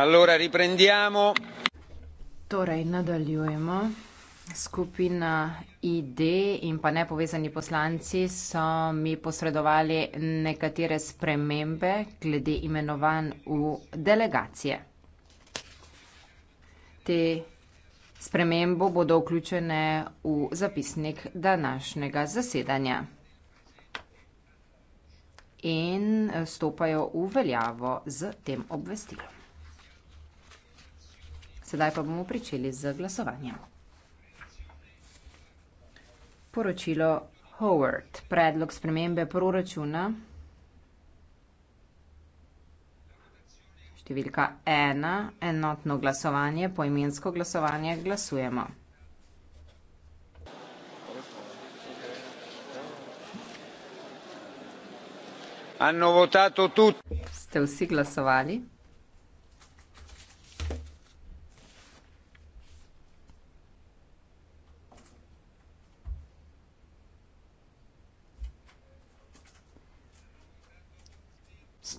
Allora riprendiamo. Torej nadaljujemo. Skupina ID in pa nepovezani poslanci so mi posredovali nekatere spremembe glede imenovanj v delegacije. Te spremembo bodo vključene v zapisnik današnjega zasedanja in stopajo v veljavo z tem obvestilom. Sedaj pa bomo pričeli z glasovanjem. Poročilo Howard, predlog spremembe proračuna. Številka ena, enotno glasovanje, poimensko glasovanje, glasujemo. Ste vsi glasovali?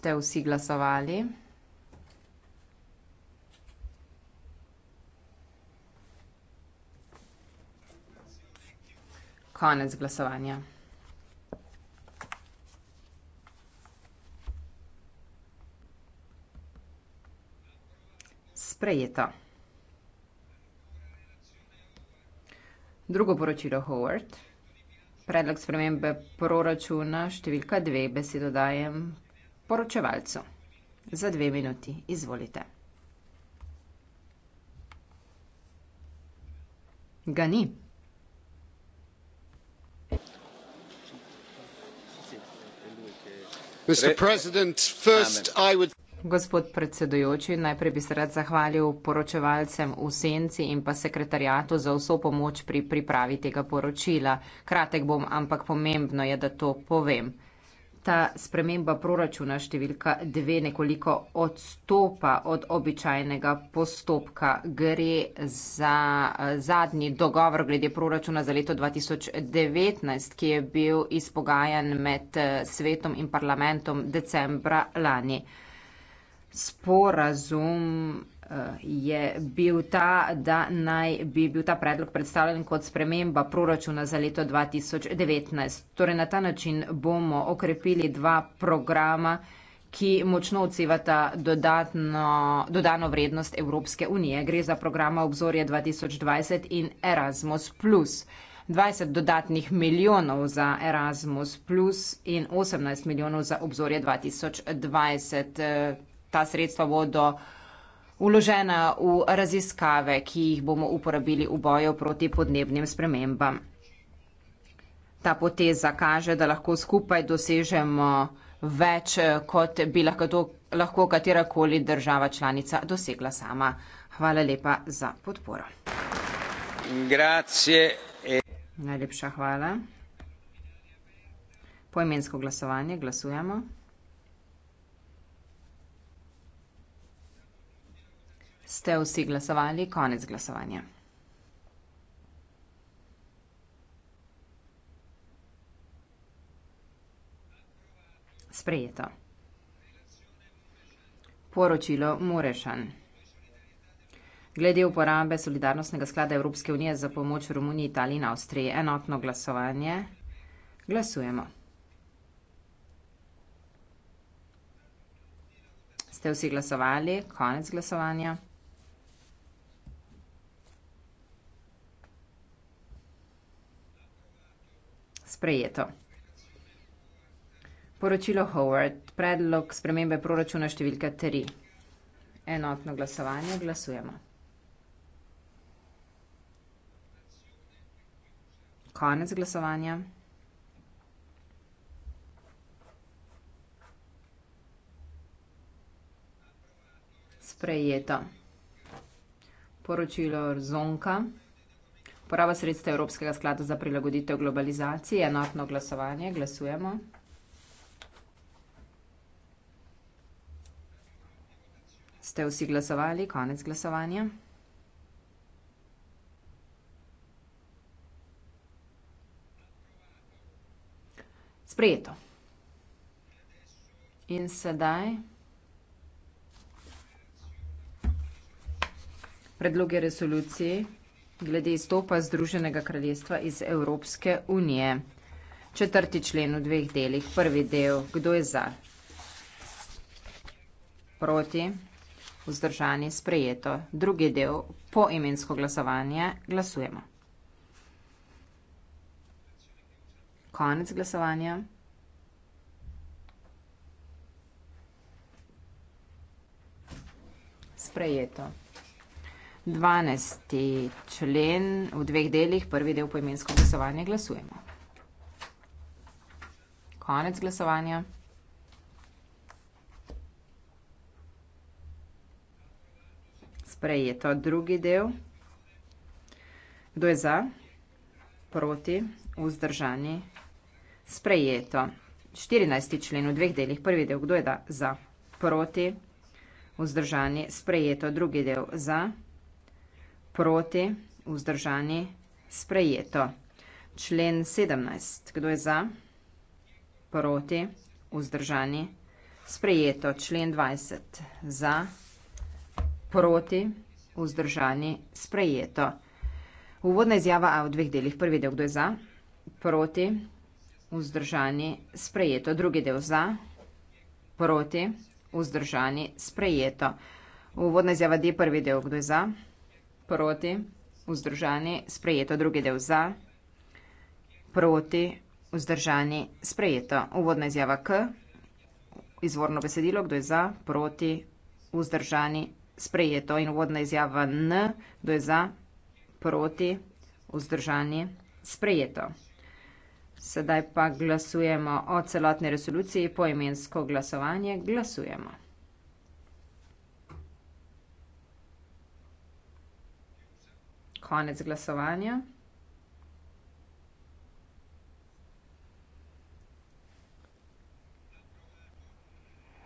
ste vsi glasovali? Konec glasovanja. Sprejeto. Drugo poročilo Howard. Predlog spremembe proračuna številka 2 besedo dajem poročevalcu. Za dve minuti, izvolite. Ga ni. Gospod predsedujoči, najprej bi se rad zahvalil poročevalcem v senci in pa sekretarjatu za vso pomoč pri pripravi tega poročila. Kratek bom, ampak pomembno je, da to povem ta sprememba proračuna številka dve nekoliko odstopa od običajnega postopka. Gre za eh, zadnji dogovor glede proračuna za leto 2019, ki je bil izpogajan med eh, svetom in parlamentom decembra lani. Sporazum je bil ta, da naj bi bil ta predlog predstavljen kot sprememba proračuna za leto 2019. Torej na ta način bomo okrepili dva programa, ki močno odsevata dodatno, dodano vrednost Evropske unije. Gre za programa obzorje 2020 in Erasmus. 20 dodatnih milijonov za Erasmus plus in 18 milijonov za obzorje 2020. Ta sredstva bodo vložena v raziskave, ki jih bomo uporabili v boju proti podnebnim spremembam. Ta poteza kaže, da lahko skupaj dosežemo več, kot bi lahko, lahko katerakoli država članica dosegla sama. Hvala lepa za podporo. Grazie. E- Najlepša hvala. Poimensko glasovanje glasujemo. Ste vsi glasovali? Konec glasovanja. Sprejeto. Poročilo Murešan. Glede uporabe Solidarnostnega sklada Evropske unije za pomoč Romuniji, Italiji in Avstriji. Enotno glasovanje. Glasujemo. Ste vsi glasovali? Konec glasovanja. sprejeto. Poročilo Howard, predlog spremembe proračuna številka 3. Enotno glasovanje, glasujemo. Konec glasovanja. Sprejeto. Poročilo Zonka. Poraba sredstev Evropskega sklada za prilagoditev globalizaciji, enotno glasovanje, glasujemo. Ste vsi glasovali, konec glasovanja. Sprejeto. In sedaj predloge resolucije glede izstopa Združenega kraljestva iz Evropske unije. Četrti člen v dveh delih. Prvi del, kdo je za? Proti? Vzdržani? Sprejeto. Drugi del, po imensko glasovanje, glasujemo. Konec glasovanja. Sprejeto. 12. člen v dveh delih, prvi del poimensko glasovanje, glasujemo. Konec glasovanja. Sprej je to drugi del. Kdo je za, proti, vzdržani? Sprej je to 14. člen v dveh delih, prvi del, kdo je da, za, proti, vzdržani? Sprej je to drugi del, za, proti proti, vzdržani, sprejeto. Člen 17. Kdo je za? Proti, vzdržani, sprejeto. Člen 20. Za, proti, vzdržani, sprejeto. Uvodna izjava A v dveh delih. Prvi del, kdo je za? Proti, vzdržani, sprejeto. Drugi del za, proti, vzdržani, sprejeto. Uvodna izjava D, prvi del, kdo je za? Proti proti, vzdržani, sprejeto, drugi del za, proti, vzdržani, sprejeto. Uvodna izjava K, izvorno besedilo, kdo je za, proti, vzdržani, sprejeto. In uvodna izjava N, kdo je za, proti, vzdržani, sprejeto. Sedaj pa glasujemo o celotni resoluciji, poimensko glasovanje, glasujemo. konec glasovanja.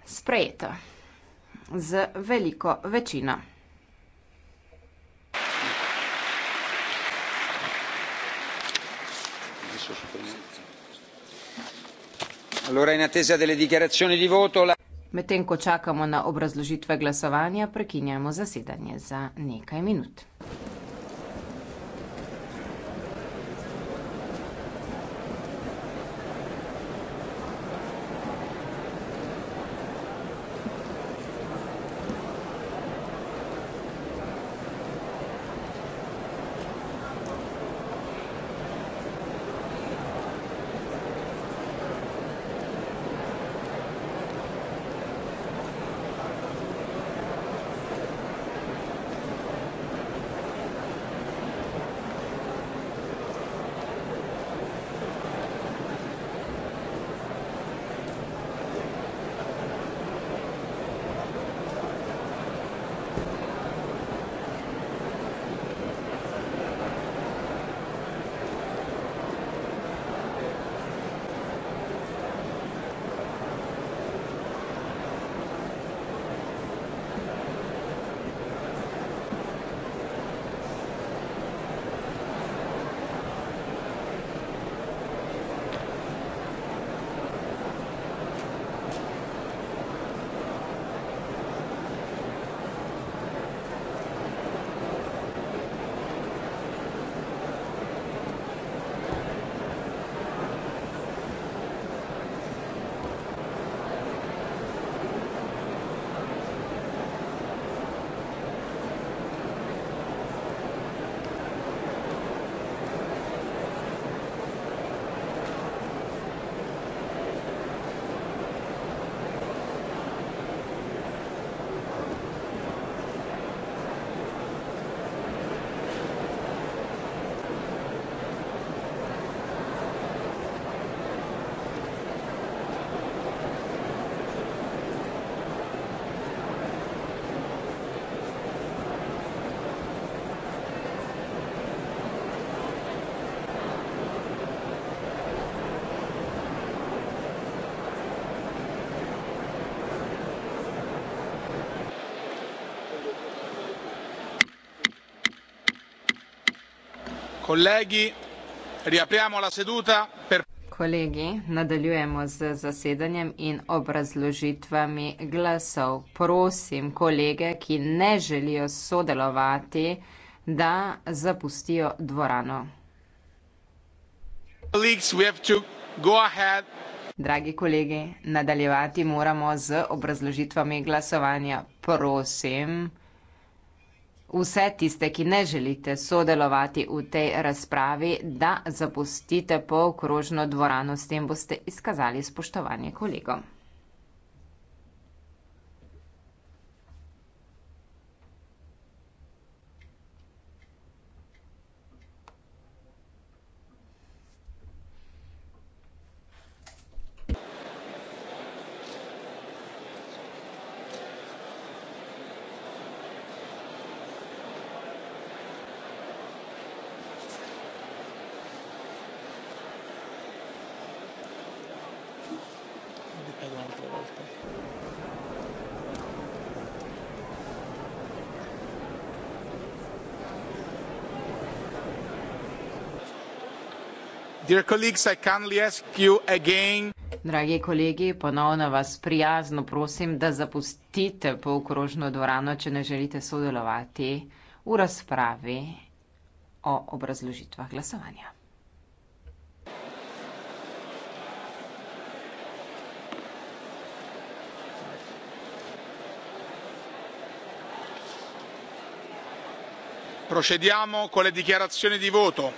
Sprejeto. Z veliko večino. Medtem ko čakamo na obrazložitve glasovanja, prekinjamo zasedanje za nekaj minut. kolegi nadaljujemo z zasedanjem in obrazložitvami glasov prosim kolege ki ne želijo sodelovati da zapustijo dvorano dragi kolegi nadaljevati moramo z obrazložitvami glasovanja prosim vse tiste, ki ne želite sodelovati v tej razpravi, da zapustite polkrožno dvorano, s tem boste izkazali spoštovanje kolegom. Dear colleagues, I kindly ask you again. Dragi kolegi, ponovno vas prijazno prosim, da zapustite polkrožno dvorano, če ne želite sodelovati v razpravi o obrazložitvah glasovanja. Procediamo con le dichiarazioni di voto.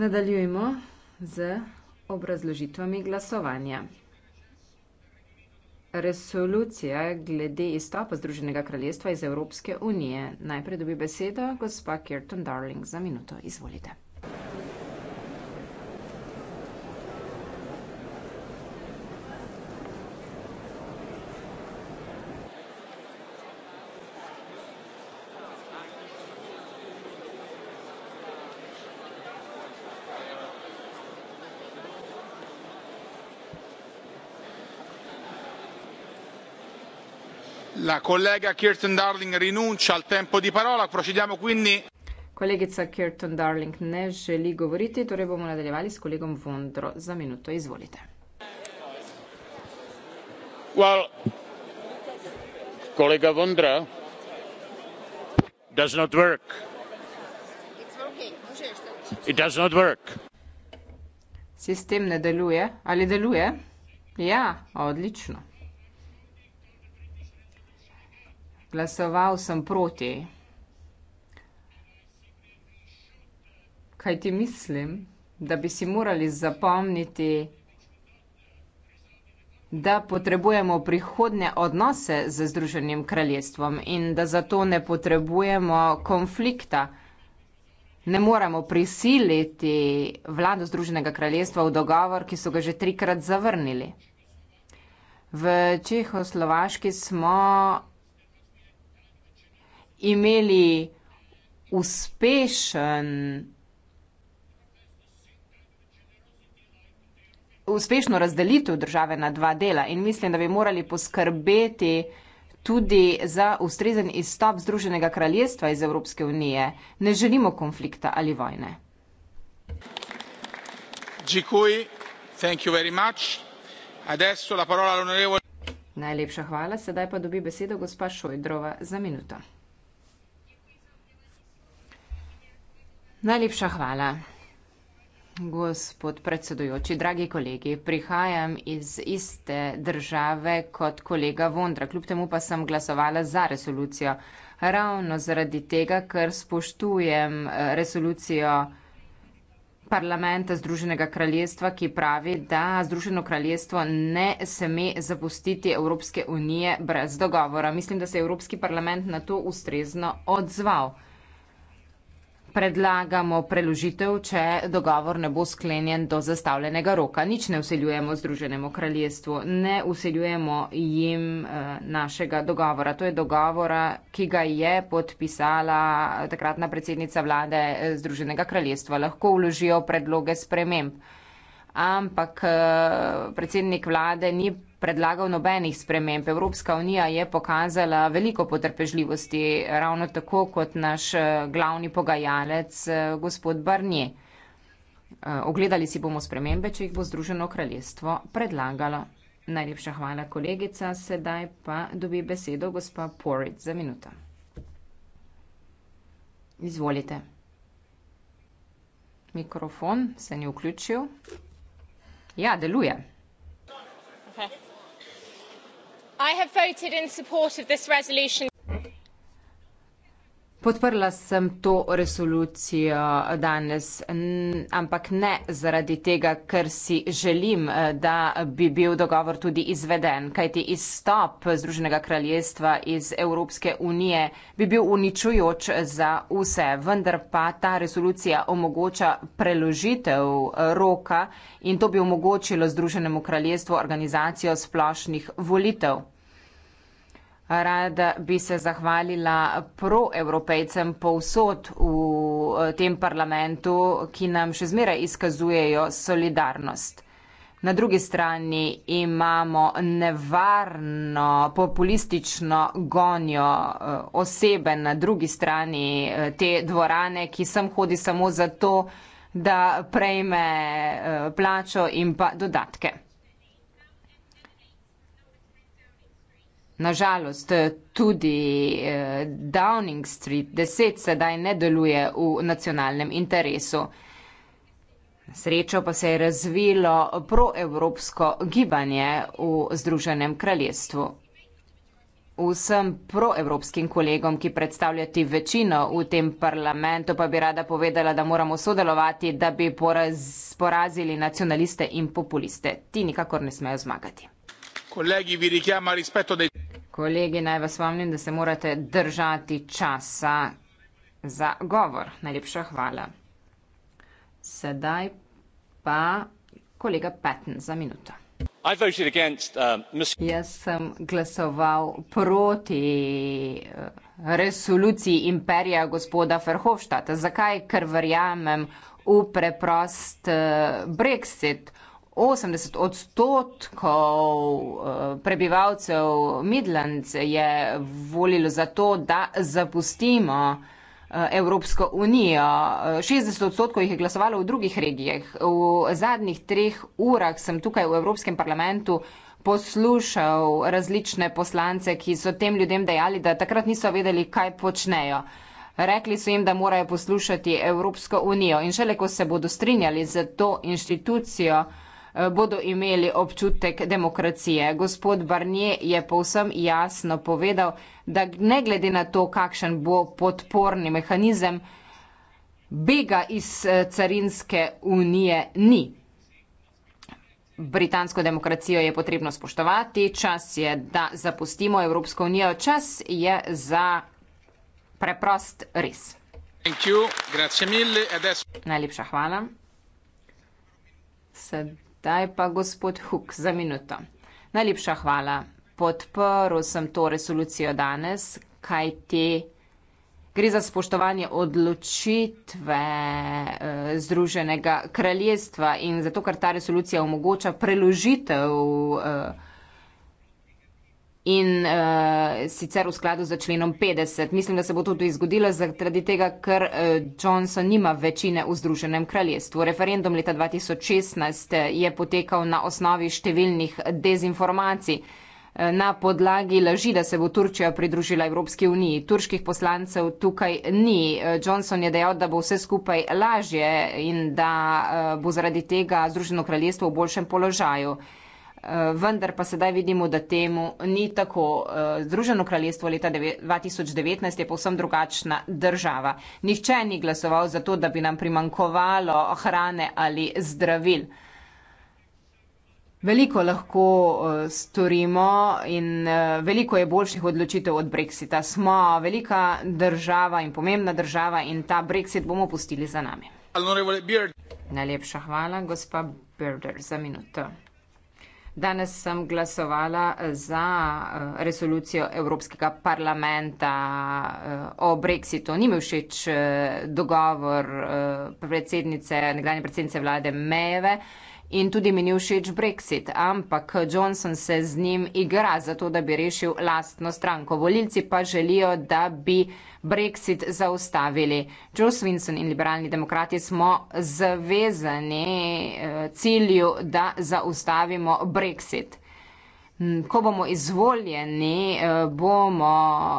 Nadaljujemo z obrazložitvami glasovanja. Resolucija glede izstopa Združenega kraljestva iz Evropske unije. Najprej dobi besedo gospa Kirton Darling za minuto. Izvolite. la collega Kirsten Darling rinuncia al tempo di parola, procediamo quindi. Kolegica Kirsten Darling ne želi govoriti, torej bomo nadaljevali s kolegom Vondro. Za minuto izvolite. Well, kolega Vondra does not work. It does not work. Sistem ne deluje. Ali deluje? Ja, odlično. glasoval sem proti. Kaj ti mislim, da bi si morali zapomniti, da potrebujemo prihodne odnose z Združenim kraljestvom in da zato ne potrebujemo konflikta. Ne moramo prisiliti vlado Združenega kraljestva v dogovor, ki so ga že trikrat zavrnili. V Čehoslovaški smo imeli uspešen, uspešno razdelitev države na dva dela in mislim, da bi morali poskrbeti tudi za ustrezen izstop Združenega kraljestva iz Evropske unije. Ne želimo konflikta ali vojne. Najlepša hvala, sedaj pa dobi besedo gospa Šojdrova za minuto. Najlepša hvala. Gospod predsedujoči, dragi kolegi, prihajam iz iste države kot kolega Vondra. Kljub temu pa sem glasovala za resolucijo. Ravno zaradi tega, ker spoštujem eh, resolucijo parlamenta Združenega kraljestva, ki pravi, da Združeno kraljestvo ne sme zapustiti Evropske unije brez dogovora. Mislim, da se je Evropski parlament na to ustrezno odzval predlagamo preložitev, če dogovor ne bo sklenjen do zastavljenega roka. Nič ne useljujemo Združenemu kraljestvu, ne useljujemo jim eh, našega dogovora. To je dogovora, ki ga je podpisala takratna predsednica vlade eh, Združenega kraljestva. Lahko vložijo predloge sprememb ampak eh, predsednik vlade ni predlagal nobenih sprememb. Evropska unija je pokazala veliko potrpežljivosti, ravno tako kot naš eh, glavni pogajalec, eh, gospod Barnier. Ogledali si bomo spremembe, če jih bo Združeno kraljestvo predlagalo. Najlepša hvala, kolegica. Sedaj pa dobi besedo gospa Porit za minuto. Izvolite. Mikrofon se ni vključil. Ja, deluje. Okay. I have voted in support of this resolution. Podprla sem to resolucijo danes, ampak ne zaradi tega, ker si želim, eh, da bi bil dogovor tudi izveden, kajti izstop Združenega kraljestva iz Evropske unije bi bil uničujoč za vse. Vendar pa ta resolucija omogoča preložitev eh, roka in to bi omogočilo Združenemu kraljestvu organizacijo splošnih volitev. Rada bi se zahvalila proevropejcem povsod v eh, tem parlamentu, ki nam še zmeraj izkazujejo solidarnost. Na drugi strani imamo nevarno populistično gonjo eh, osebe na drugi strani eh, te dvorane, ki sem hodi samo zato, da prejme plačo in pa dodatke. Nažalost, tudi eh, Downing Street 10 sedaj ne deluje v nacionalnem interesu. Srečo pa se je razvilo proevropsko gibanje v Združenem kraljestvu. Vsem proevropskim kolegom, ki predstavljati večino v tem parlamentu, pa bi rada povedala, da moramo sodelovati, da bi poraz, porazili nacionaliste in populiste. Ti nikakor ne smejo zmagati. Kolegi, vi rikjama rispetto dei. Kolegi, naj vas spomnim, da se morate držati časa za govor. Najlepša hvala. Sedaj pa kolega Patten za minuto. Against, uh, Jaz sem glasoval proti uh, resoluciji imperija gospoda Ferhofštata. Zakaj? Ker verjamem v preprost uh, Brexit. 80 odstotkov eh, prebivalcev Midlands je volilo za to, da zapustimo eh, Evropsko unijo. 60 odstotkov jih je glasovalo v drugih regijah. V zadnjih treh urah sem tukaj v Evropskem parlamentu poslušal različne poslance, ki so tem ljudem dejali, da takrat niso vedeli, kaj počnejo. Rekli so jim, da morajo poslušati Evropsko unijo in šele, ko se bodo strinjali za to inštitucijo, Eh, bodo imeli občutek demokracije. Gospod Barnier je povsem jasno povedal, da ne glede na to, kakšen bo podporni mehanizem, bega iz eh, carinske unije ni. Britansko demokracijo je potrebno spoštovati, čas je, da zapustimo Evropsko unijo, čas je za preprost res. Najlepša hvala. Sedaj. Ta je pa gospod Huk za minuto. Najlepša hvala. Podprl sem to resolucijo danes, kaj te gre za spoštovanje odločitve eh, Združenega kraljestva in zato, ker ta resolucija omogoča preložitev. Uh, in uh, sicer v skladu za členom 50. Mislim, da se bo to tudi zgodilo zaradi tega, ker uh, Johnson nima večine v Združenem kraljestvu. Referendum leta 2016 eh, je potekal na osnovi številnih dezinformacij. Na podlagi laži, da se bo Turčija pridružila Evropski uniji. Turških poslancev tukaj ni. Johnson je dejal, da bo vse skupaj lažje in da bo zaradi tega Združeno kraljestvo v boljšem položaju. Eh, vendar pa sedaj vidimo, da temu ni tako. Eh, Združeno kraljestvo leta 2019 je povsem drugačna država. Nihče ni glasoval za to, da bi nam primankovalo hrane ali zdravil. Veliko lahko eh, storimo in veliko je boljših odločitev od Brexita. Smo velika država in pomembna država in ta Brexit bomo pustili za nami. Najlepša hvala, gospa Birder, za minuto. Danes sem glasovala za eh, resolucijo Evropskega parlamenta eh, o brexitu. Ni mi všeč eh, dogovor predsednice, nekdanje predsednice vlade Mejeve. In tudi mi ni všeč Brexit, ampak Johnson se z njim igra za to, da bi rešil lastno stranko. Volilci pa želijo, da bi Brexit zaustavili. Joe Swinson in liberalni demokrati smo zavezani eh, cilju, da zaustavimo Brexit. Hm, ko bomo izvoljeni, eh, bomo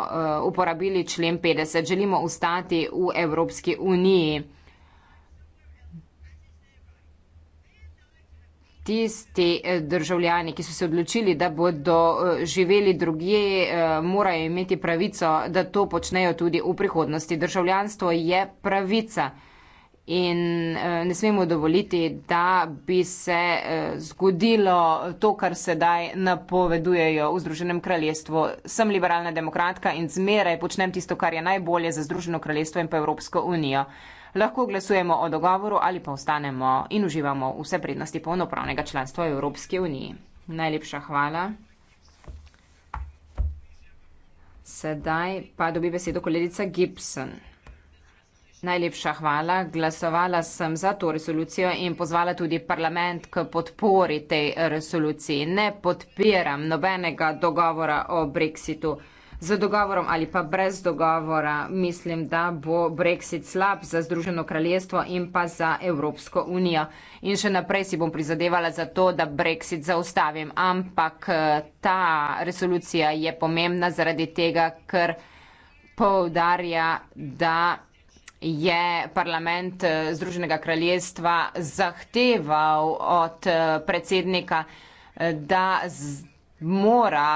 eh, uporabili člen 50. Želimo ostati v Evropski uniji. tisti eh, državljani, ki so se odločili, da bodo eh, živeli drugje, eh, morajo imeti pravico, da to počnejo tudi v prihodnosti. Državljanstvo je pravica in ne smemo dovoliti, da bi se zgodilo to, kar sedaj napovedujejo v Združenem kraljestvu. Sem liberalna demokratka in zmeraj počnem tisto, kar je najbolje za Združeno kraljestvo in pa Evropsko unijo lahko glasujemo o dogovoru ali pa ostanemo in uživamo vse prednosti polnopravnega članstva Evropske unije. Najlepša hvala. Sedaj pa dobi besedo kolegica Gibson. Najlepša hvala. Glasovala sem za to resolucijo in pozvala tudi parlament k podpori tej resoluciji. Ne podpiram nobenega dogovora o brexitu z dogovorom ali pa brez dogovora, mislim, da bo Brexit slab za Združeno kraljestvo in pa za Evropsko unijo. In še naprej si bom prizadevala za to, da Brexit zaustavim. Ampak eh, ta resolucija je pomembna zaradi tega, ker poudarja, da je parlament eh, Združenega kraljestva zahteval od eh, predsednika, da mora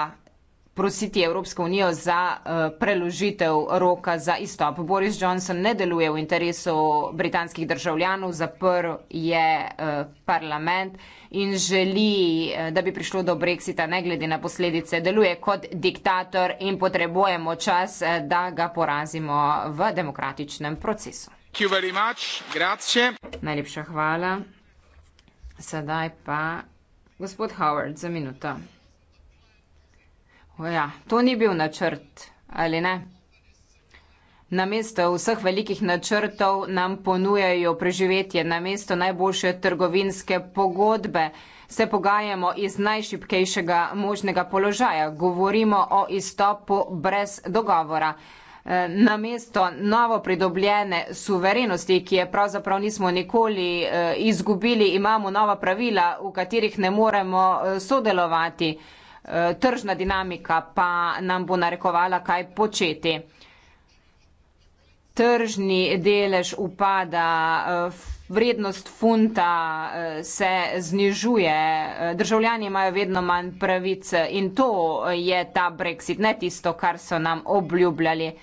prositi Evropsko unijo za eh, preložitev roka za izstop. Boris Johnson ne deluje v interesu britanskih državljanov, zaprl je eh, parlament in želi, eh, da bi prišlo do brexita, ne glede na posledice. Deluje kot diktator in potrebujemo čas, da ga porazimo v demokratičnem procesu. Najlepša hvala. Sedaj pa gospod Howard za minuto. Ja, to ni bil načrt, ali ne? Namesto vseh velikih načrtov nam ponujajo preživetje, namesto najboljše trgovinske pogodbe se pogajamo iz najšipkejšega možnega položaja, govorimo o izstopu brez dogovora. E, namesto novo pridobljene suverenosti, ki je pravzaprav nismo nikoli e, izgubili, imamo nova pravila, v katerih ne moremo e, sodelovati. Eh, tržna dinamika pa nam bo narekovala, kaj početi. Tržni delež upada, eh, vrednost funta eh, se znižuje, državljani imajo vedno manj pravic in to je ta brexit, ne tisto, kar so nam obljubljali.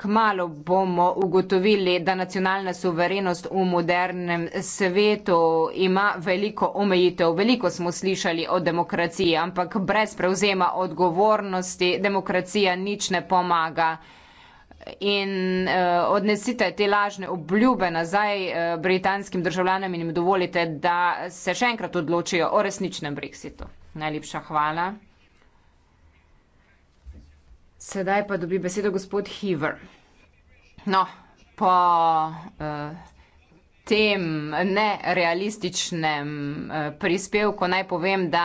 Kmalo bomo ugotovili, da nacionalna suverenost v modernem svetu ima veliko omejitev. Veliko smo slišali o demokraciji, ampak brez prevzema odgovornosti demokracija nič ne pomaga. In uh, odnesite te lažne obljube nazaj uh, britanskim državljanom in jim dovolite, da se še enkrat odločijo o resničnem brexitu. Najlepša hvala. Sedaj pa dobi besedo gospod Hever. No, po uh, tem nerealističnem uh, prispevku naj povem, da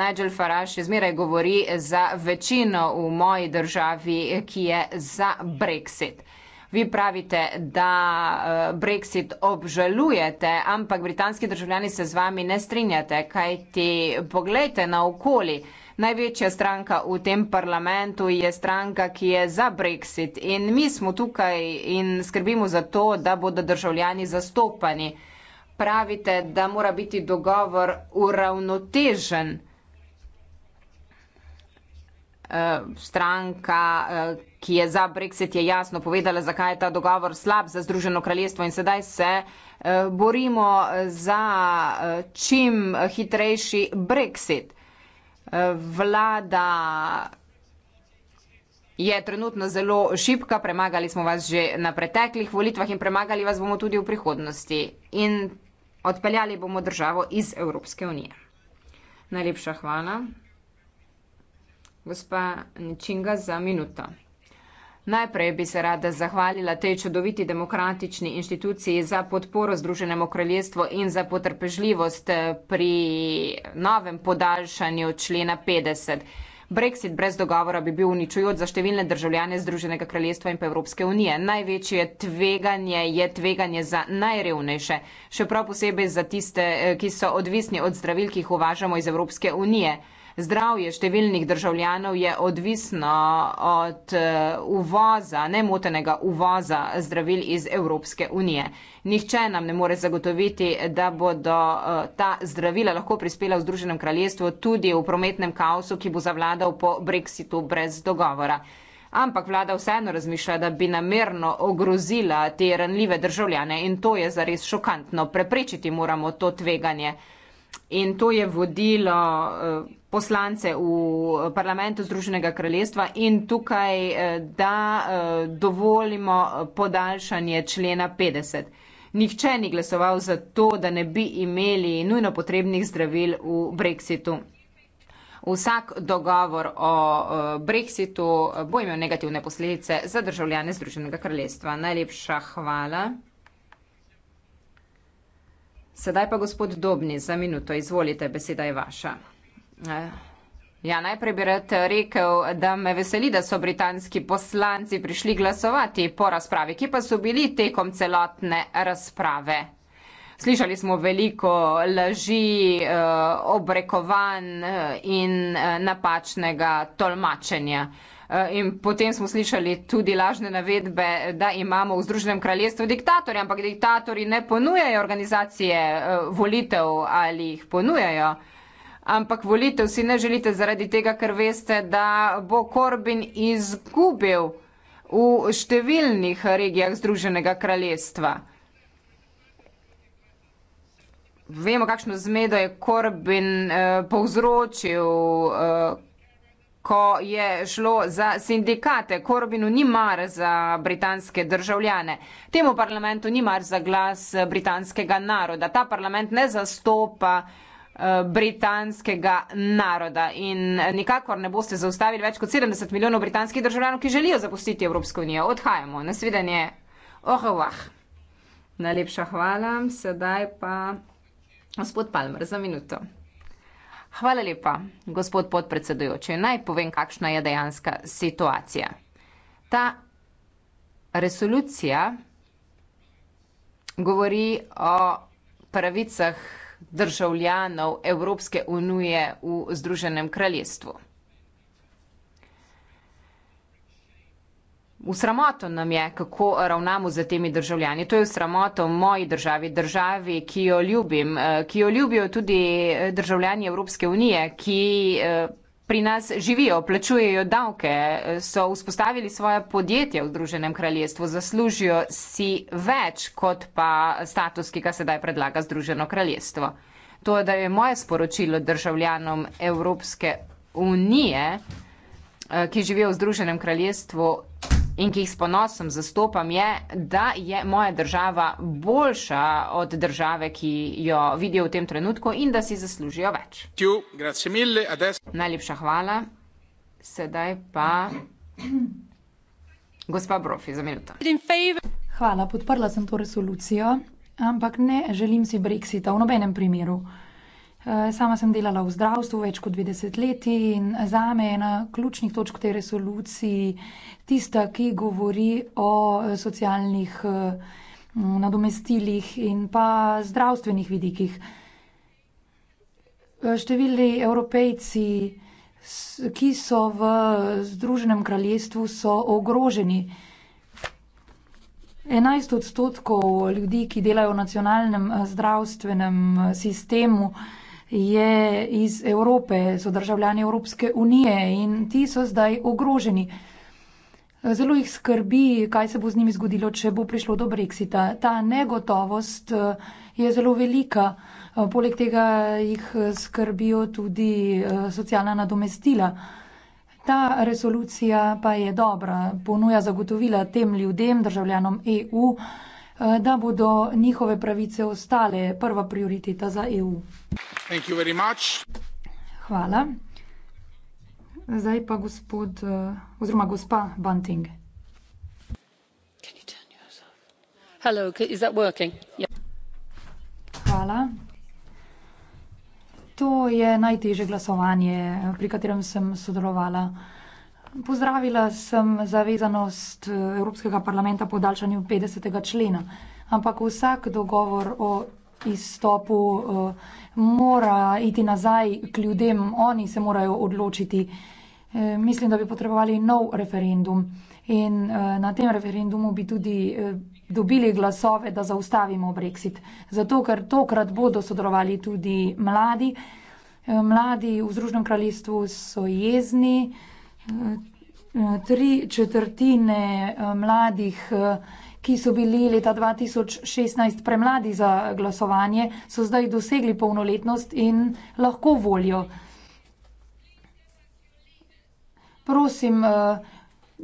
Nigel Farage zmeraj govori za večino v moji državi, ki je za Brexit. Vi pravite, da eh, Brexit obžalujete, ampak britanski državljani se z vami ne strinjate, kaj ti pogledajte naokoli. Največja stranka v tem parlamentu je stranka, ki je za Brexit in mi smo tukaj in skrbimo za to, da bodo državljani zastopani. Pravite, da mora biti dogovor uravnotežen. E, stranka, e, ki je za Brexit, je jasno povedala, zakaj je ta dogovor slab za Združeno kraljestvo in sedaj se e, borimo za čim hitrejši Brexit vlada je trenutno zelo šipka, premagali smo vas že na preteklih volitvah in premagali vas bomo tudi v prihodnosti in odpeljali bomo državo iz Evropske unije. Najlepša hvala. Gospa Ničinga za minuto. Najprej bi se rada zahvalila tej čudoviti demokratični inštituciji za podporo Združenemu kraljestvu in za potrpežljivost eh, pri novem podaljšanju člena 50. Brexit brez dogovora bi bil uničujoč za številne državljane Združenega kraljestva in pa Evropske unije. Največje tveganje je tveganje za najrevnejše, še prav posebej za tiste, eh, ki so odvisni od zdravil, ki jih uvažamo iz Evropske unije. Zdravje številnih državljanov je odvisno od eh, uvoza, nemotenega uvoza zdravil iz Evropske unije. Nihče nam ne more zagotoviti, da bodo eh, ta zdravila lahko prispela v Združenem kraljestvu tudi v prometnem kaosu, ki bo zavladal po brexitu brez dogovora. Ampak vlada vseeno razmišlja, da bi namerno ogrozila te ranljive državljane in to je zares šokantno. Preprečiti moramo to tveganje. In to je vodilo eh, poslance v eh, parlamentu Združenega kraljestva in tukaj, eh, da dovolimo podaljšanje člena 50. Nihče ni glasoval za to, da ne bi imeli nujno potrebnih zdravil v Brexitu. Vsak dogovor o Brexitu bo imel negativne posledice za državljane Združenega kraljestva. Najlepša hvala. Sedaj pa gospod Dobni, za minuto izvolite, beseda je vaša. Eh, ja, najprej bi rad rekel, da me veseli, da so britanski poslanci prišli glasovati po razpravi, ki pa so bili tekom celotne razprave. Slišali smo veliko laži, eh, obrekovanj eh, in napačnega tolmačenja. Eh, in potem smo slišali tudi lažne navedbe, da imamo v Združenem kraljestvu diktatorje, ampak diktatori ne ponujajo organizacije eh, volitev ali jih ponujajo. Ampak volitev si ne želite zaradi tega, ker veste, da bo Korbin izgubil v številnih regijah Združenega kraljestva. Vemo, kakšno zmedo je Korbin eh, povzročil. Eh, ko je šlo za sindikate. Korbinu ni mar za britanske državljane. Temu parlamentu ni mar za glas eh, britanskega naroda. Ta parlament ne zastopa eh, britanskega naroda in eh, nikakor ne boste zaustavili več kot 70 milijonov britanskih državljanov, ki želijo zapustiti Evropsko unijo. Odhajamo. Nasvidenje. Oh, vah. Najlepša hvala. Sedaj pa gospod Palmer za minuto. Hvala lepa, gospod podpredsedujoči. Naj povem, kakšna je dejanska situacija. Ta resolucija govori o pravicah državljanov Evropske unije v Združenem kraljestvu. Usramoto nam je, kako ravnamo z temi državljani. To je usramoto moji državi, državi, ki jo ljubim, eh, ki jo ljubijo tudi eh, državljani Evropske unije, ki eh, pri nas živijo, plačujejo davke, so vzpostavili svoje podjetje v Združenem kraljestvu, zaslužijo si več kot pa status, ki ga sedaj predlaga Združeno kraljestvo. To, da je moje sporočilo državljanom Evropske unije, ki živijo v Združenem kraljestvu, in ki jih s ponosom zastopam, je, da je moja država boljša od države, ki jo vidijo v tem trenutku in da si zaslužijo več. Najlepša hvala. Sedaj pa gospa Brofi za minuto. Hvala, podprla sem to resolucijo, ampak ne želim si Brexita v nobenem primeru. Eh, sama sem delala v zdravstvu več kot dve desetletji in zame je ena ključnih točk te resoluciji tista, ki govori o eh, socialnih eh, nadomestilih in pa zdravstvenih vidikih. Številni Evropejci, ki so v Združenem kraljestvu, so ogroženi. Enajst odstotkov ljudi, ki delajo v nacionalnem zdravstvenem sistemu, je iz Evrope, so državljani Evropske unije in ti so zdaj ogroženi. Zelo jih skrbi, kaj se bo z njimi zgodilo, če bo prišlo do Brexita. Ta negotovost eh, je zelo velika. Eh, poleg tega jih eh, skrbijo tudi socialna nadomestila. Ta resolucija pa je dobra, ponuja zagotovila tem ljudem, državljanom EU, da bodo njihove pravice ostale prva prioriteta za EU. Hvala. Zdaj pa gospod, eh, oziroma gospa Bunting. Hvala. To je najtežje glasovanje, pri katerem sem sodelovala. Pozdravila sem zavezanost, eh, Evropskega parlamenta podaljšanju petdesetega člena, ampak vsak dogovor o izstopu, eh, mora iti nazaj k ljudem, oni se morajo odločiti. Eh, mislim, da bi potrebovali nov referendum in eh, na tem referendumu bi tudi dobili glasove, da zaustavimo brexit. Zato, ker tokrat bodo sodelovali tudi mladi. Mladi v Združenem kraljestvu so jezni. Tri četrtine mladih ki so bili leta 2016 premladi za glasovanje, so zdaj dosegli polnoletnost in lahko volijo. Prosim, eh,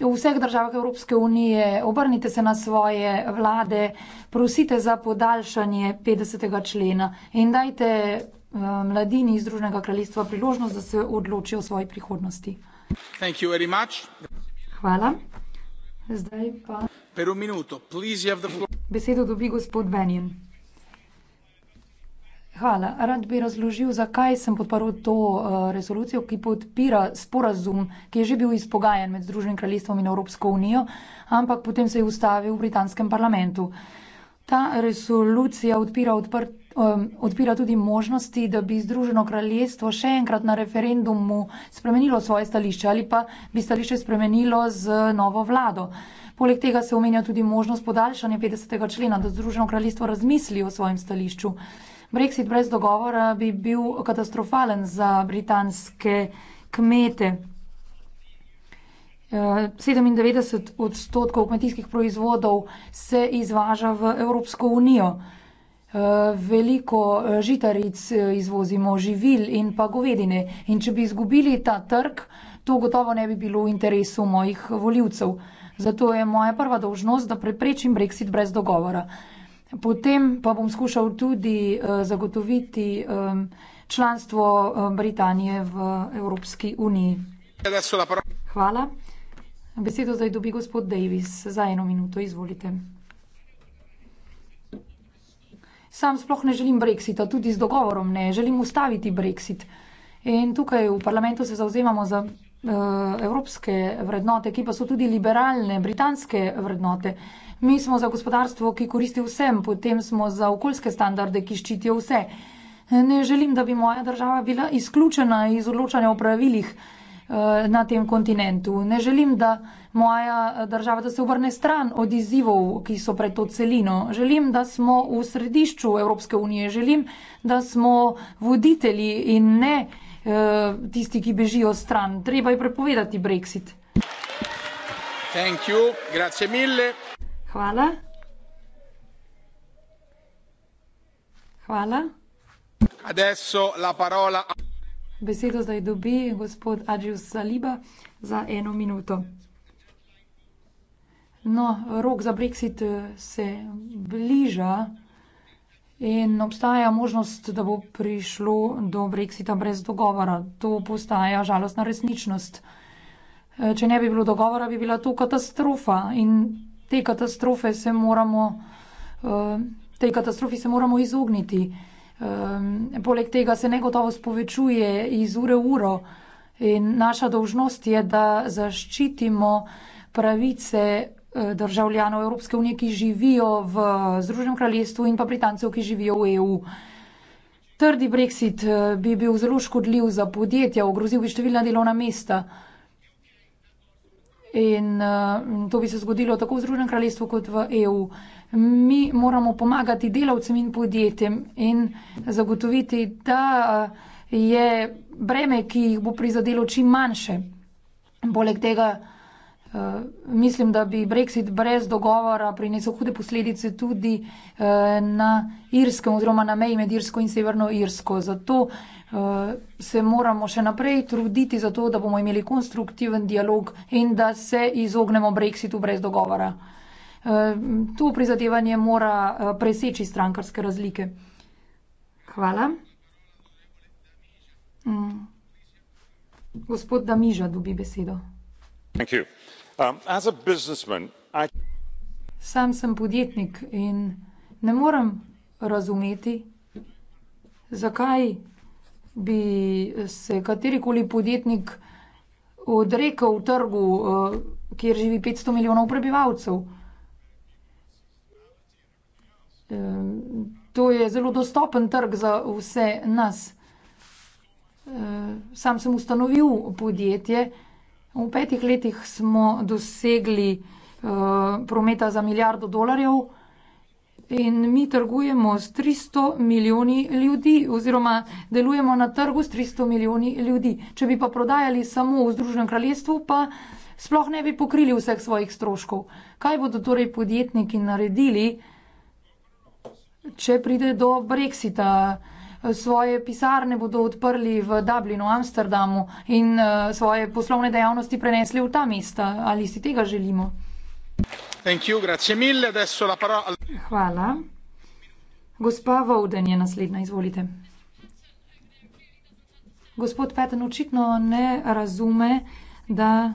v vseh državah Evropske unije obrnite se na svoje vlade, prosite za podaljšanje 50. člena in dajte eh, mladini iz Združenega kraljestva priložnost, da se odločijo o svoji prihodnosti. Hvala. Zdaj pa. Hvala. Rad bi razložil, zakaj sem podprl to, eh, resolucijo, ki podpira sporazum, ki je že bil izpogajan med Združenim kraljestvom in Evropsko unijo, ampak potem se je ustavil v britanskem parlamentu. Ta resolucija odpira, odpr, eh, odpira tudi možnosti, da bi Združeno kraljestvo še enkrat na referendumu spremenilo svoje stališče ali pa bi stališče spremenilo z novo vlado. Poleg tega se omenja tudi možnost podaljšanja 50. člena, da Združeno kraljestvo razmisli o svojem stališču. Brexit brez dogovora bi bil katastrofalen za britanske kmete. 97 eh, odstotkov kmetijskih proizvodov se izvaža v Evropsko unijo. Eh, veliko eh, žitaric izvozimo, živil in pa govedine. In če bi izgubili ta trg, to gotovo ne bi bilo v interesu mojih voljivcev. Zato je moja prva dolžnost, da preprečim brexit brez dogovora. Potem pa bom skušal tudi uh, zagotoviti um, članstvo Britanije v Evropski uniji. Hvala. Besedo zdaj dobi gospod Davis. Za eno minuto izvolite. Sam sploh ne želim brexita, tudi z dogovorom ne. Želim ustaviti brexit. In tukaj v parlamentu se zauzemamo za Eh, evropske vrednote, ki pa so tudi liberalne britanske vrednote. Mi smo za gospodarstvo, ki koristi vsem, potem smo za okoljske standarde, ki ščitijo vse. Ne želim, da bi moja država bila izključena iz odločanja o pravilih eh, na tem kontinentu. Ne želim, da moja država, da se obrne stran od izzivov, ki so pred to celino. Želim, da smo v središču Evropske unije. Želim, da smo voditelji in ne. Eh, tisti, ki bežijo stran. Treba je prepovedati brexit. You, mille. Hvala. Hvala. Adesso la parola. Besedo zdaj dobi gospod Adžius Saliba za eno minuto. No, rok za brexit eh, se bliža. In obstaja možnost, da bo prišlo do brexita brez dogovora. To postaja žalostna resničnost. E, če ne bi bilo dogovora, bi bila to katastrofa in te katastrofe se moramo, e, tej katastrofi se moramo izogniti. E, poleg tega se negotovost povečuje iz ure v uro in naša dolžnost je, da zaščitimo pravice Eh, državljanov Evropske unije, ki živijo v Združenem kraljestvu in pa Britancev, ki živijo v EU. Trdi brexit eh, bi bil zelo škodljiv za podjetja, ogrozil bi številna delovna mesta. In eh, to bi se zgodilo tako v Združenem kraljestvu kot v EU. Mi moramo pomagati delavcem in podjetjem in zagotoviti, da je breme, ki jih bo prizadelo, čim manjše. Poleg tega, Eh, mislim, da bi brexit brez dogovora prinesel hude posledice tudi eh, na Irskem oziroma na meji med Irsko in Severno Irsko. Zato eh, se moramo še naprej truditi za to, da bomo imeli konstruktiven dialog in da se izognemo brexitu brez dogovora. To prizadevanje mora preseči strankarske razlike. Hvala. Mm. Gospod Damiža dobi besedo. Thank you. Um, sam sem podjetnik in ne morem razumeti, zakaj bi se katerikoli podjetnik odrekel trgu, uh, kjer živi petsto milijonov prebivalcev. Um, to je zelo dostopen trg za vse nas. Uh, sam sem ustanovil podjetje. V petih letih smo dosegli eh, prometa za milijardo dolarjev in mi trgujemo s 300 milijoni ljudi oziroma delujemo na trgu s 300 milijoni ljudi. Če bi pa prodajali samo v Združenem kraljestvu, pa sploh ne bi pokrili vseh svojih stroškov. Kaj bodo torej podjetniki naredili, če pride do brexita? svoje pisarne bodo odprli v Dublinu, Amsterdamu in eh, svoje poslovne dejavnosti prenesli v ta mesta. Ali si tega želimo? You, mille, parola... Hvala. Gospa Vovden je naslednja, izvolite. Gospod Peten očitno ne razume, da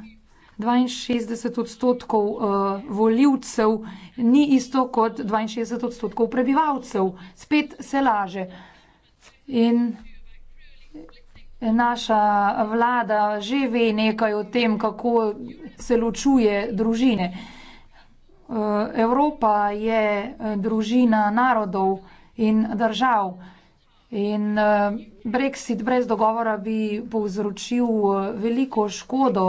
62 odstotkov uh, eh, voljivcev ni isto kot 62 odstotkov prebivalcev. Spet se laže. Uh, In naša vlada že ve nekaj o tem, kako se ločuje družine. Eh, Evropa je eh, družina narodov in držav. In eh, brexit brez dogovora bi povzročil veliko škodo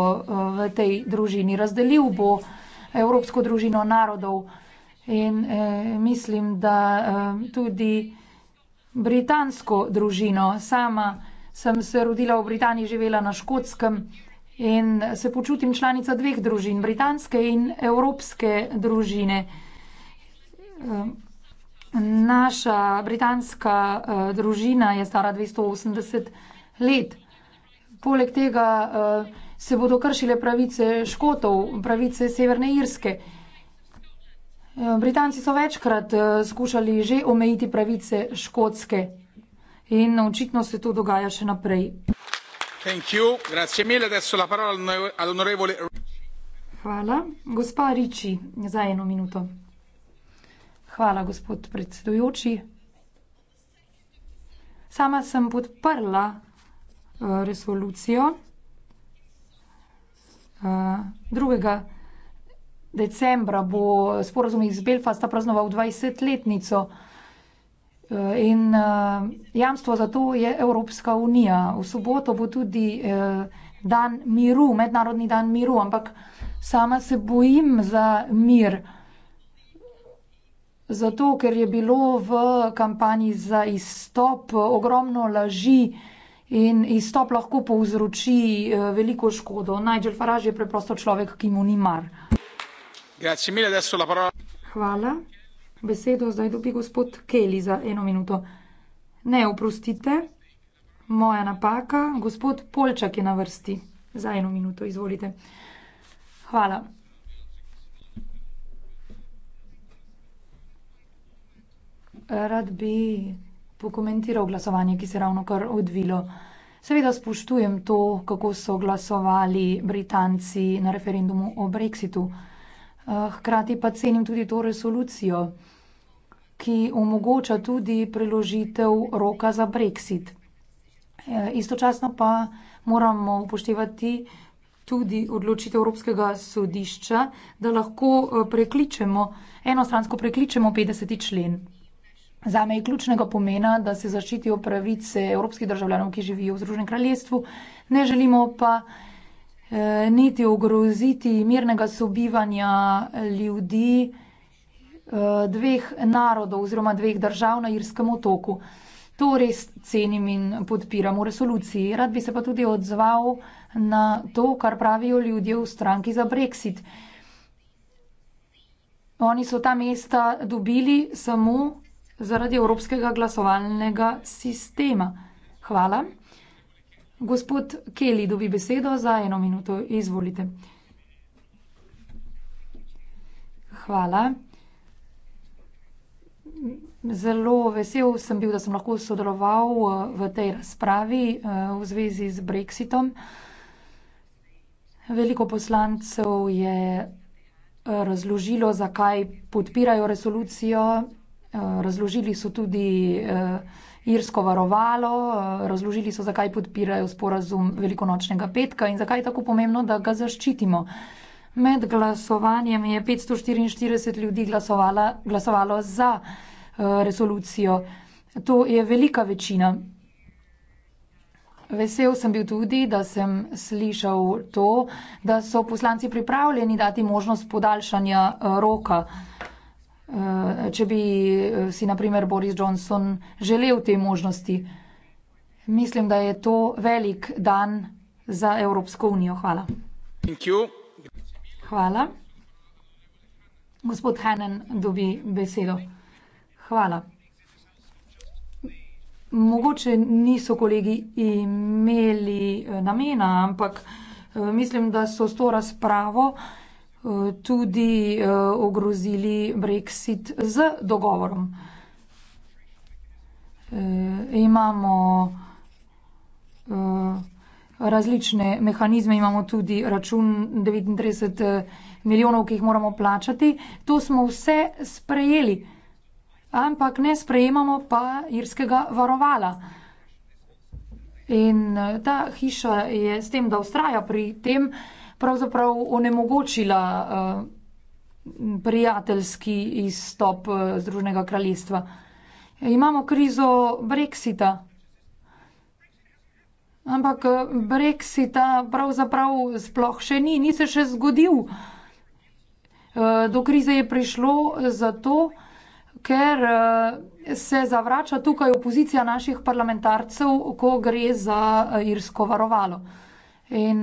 v tej družini. Razdelil bo evropsko družino narodov in mislim, da tudi britansko družino. Sama sem se rodila v Britaniji, živela na škotskem in se počutim članica dveh družin, britanske in evropske družine. Ehm, naša britanska eh, družina je stara 280 let. Poleg tega eh, se bodo kršile pravice škotov, pravice Severne Irske. Britanci so večkrat eh, skušali že omejiti pravice škotske in očitno se to dogaja še naprej. Hvala. Gospa Riči, za eno minuto. Hvala, gospod predsedujoči. Sama sem podprla eh, resolucijo eh, drugega decembra bo sporozum iz Belfasta praznoval 20-letnico. Eh, in eh, jamstvo za to je Evropska unija. V soboto bo tudi eh, dan miru, mednarodni dan miru, ampak sama se bojim za mir. Zato, ker je bilo v kampanji za izstop ogromno laži in izstop lahko povzroči veliko škodo. Nigel Farage je preprosto človek, ki mu ni mar. Hvala. Besedo zdaj dobi gospod Keli za eno minuto. Ne, oprostite, moja napaka, gospod Polčak je na vrsti za eno minuto, izvolite. Hvala. Rad bi pokomentiral glasovanje, ki se je ravno kar odvilo. Seveda spoštujem to, kako so glasovali Britanci na referendumu o brexitu. Eh, hkrati pa cenim tudi to resolucijo, ki omogoča tudi preložitev roka za brexit. Eh, istočasno pa moramo upoštevati tudi odločitev Evropskega sodišča, da lahko eh, prekličemo, enostransko prekličemo 50. člen. Zame je ključnega pomena, da se zaščitijo pravice evropskih državljanov, ki živijo v Združenem kraljestvu, ne želimo pa Eh, niti ogroziti mirnega sobivanja ljudi eh, dveh narodov oziroma dveh držav na Irskem otoku. To res cenim in podpiram v resoluciji. Rad bi se pa tudi odzval na to, kar pravijo ljudje v stranki za Brexit. Oni so ta mesta dobili samo zaradi evropskega glasovalnega sistema. Hvala. Gospod Keli dobi besedo za eno minuto. Izvolite. Hvala. Zelo vesel sem bil, da sem lahko sodeloval eh, v tej razpravi eh, v zvezi z Brexitom. Veliko poslancev je eh, razložilo, zakaj podpirajo resolucijo. Razložili so tudi, Irsko varovalo, eh, razložili so, zakaj podpirajo sporazum velikonočnega petka in zakaj je tako pomembno, da ga zaščitimo. Med glasovanjem je 544 ljudi glasovalo za eh, resolucijo. To je velika večina. Vesel sem bil tudi, da sem slišal to, da so poslanci pripravljeni dati možnost podaljšanja eh, roka. Eh, če bi eh, si naprimer Boris Johnson želel te možnosti. Mislim, da je to velik dan za Evropsko unijo. Hvala. Hvala. Gospod Hanen dobi besedo. Hvala. Mogoče niso kolegi imeli eh, namena, ampak mislim, da so s to razpravo tudi eh, ogrozili brexit z dogovorom. Eh, imamo eh, različne mehanizme, imamo tudi račun 39 milijonov, ki jih moramo plačati. To smo vse sprejeli, ampak ne sprejemamo pa irskega varovala. In ta hiša je s tem, da ustraja pri tem, pravzaprav onemogočila eh, prijateljski izstop eh, Združenega kraljestva. Imamo krizo Brexita. Ampak eh, Brexita pravzaprav sploh še ni, ni se še zgodil. Do krize je prišlo zato, ker se zavrača tukaj opozicija naših parlamentarcev, ko gre za irsko varovalo. In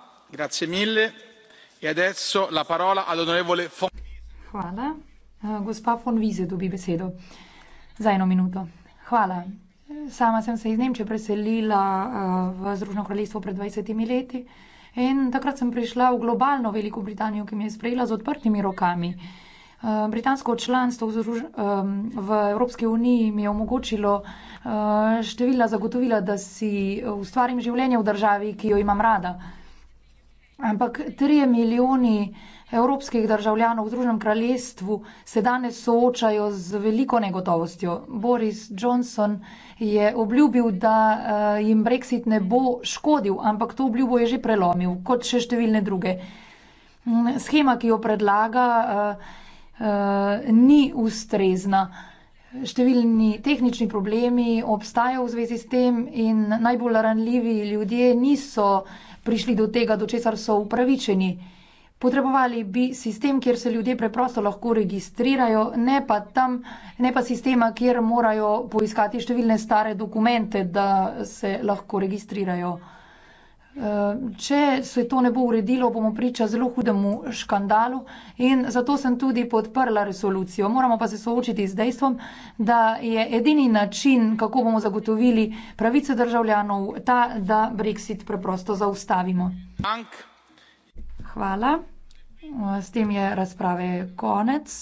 E eh, Hvala. Sama sem se iz Nemčije preselila, eh, v Združeno kraljestvo pred dvajsetimi leti in takrat sem prišla v globalno Veliko Britanijo, ki me je sprejela z odprtimi rokami. Eh, britansko članstvo v v Evropski uniji mi je omogočilo, številna zagotovila, da si ustvarim življenje v državi, ki jo imam rada. Ampak tri milijoni evropskih državljanov v Združenem kraljestvu se danes soočajo z veliko negotovostjo. Boris Johnson je obljubil, da eh, jim Brexit ne bo škodil, ampak to obljubo je že prelomil, kot še številne druge. Mm, schema, ki jo predlaga, eh, eh, ni ustrezna. Številni tehnični problemi obstajajo v zvezi s tem in najbolj ranljivi ljudje niso prišli do tega, do česar so upravičeni. Potrebovali bi sistem, kjer se ljudje preprosto lahko registrirajo, ne pa, tam, ne pa sistema, kjer morajo poiskati številne stare dokumente, da se lahko registrirajo. Če se to ne bo uredilo, bomo priča zelo hudemu škandalu in zato sem tudi podprla resolucijo. Moramo pa se soočiti z dejstvom, da je edini način, kako bomo zagotovili pravice državljanov, ta, da Brexit preprosto zaustavimo. Tank. Hvala. S tem je razprave konec.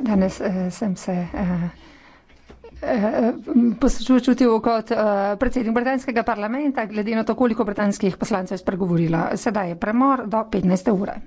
Danes eh, sem se. Eh, pa eh, eh, se čutil kot eh, predsednik britanskega parlamenta, glede na to, koliko britanskih poslancev je spregovorilo. Sedaj je premor do 15. ure.